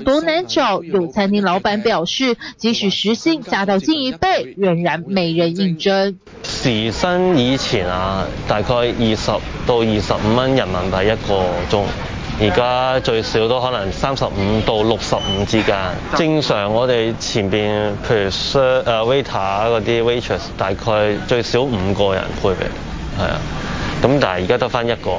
多難找，有餐廳老闆表示，即使時薪加到近一倍，仍然未人應徵。時薪以前啊，大概二十到二十五蚊人民幣一個鐘，而家最少都可能三十五到六十五之間。正常我哋前邊譬如 serve、呃、waiter 啲 waitress，大概最少五個人配備，係啊。咁但係而家得翻一個。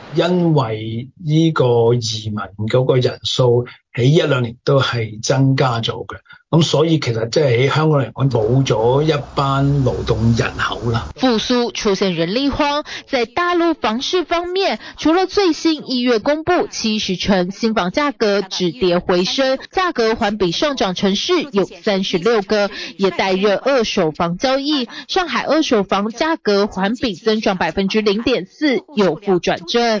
因為呢個移民嗰個人數喺一兩年都係增加咗嘅，咁所以其實即係喺香港嚟講冇咗一班勞動人口啦。復甦出現人力荒，在大陸房市方面，除了最新一月公布七十城新房價格止跌回升，價格環比上漲城市有三十六個，也帶熱二手房交易。上海二手房價格環比增長百分之零點四，有負轉正。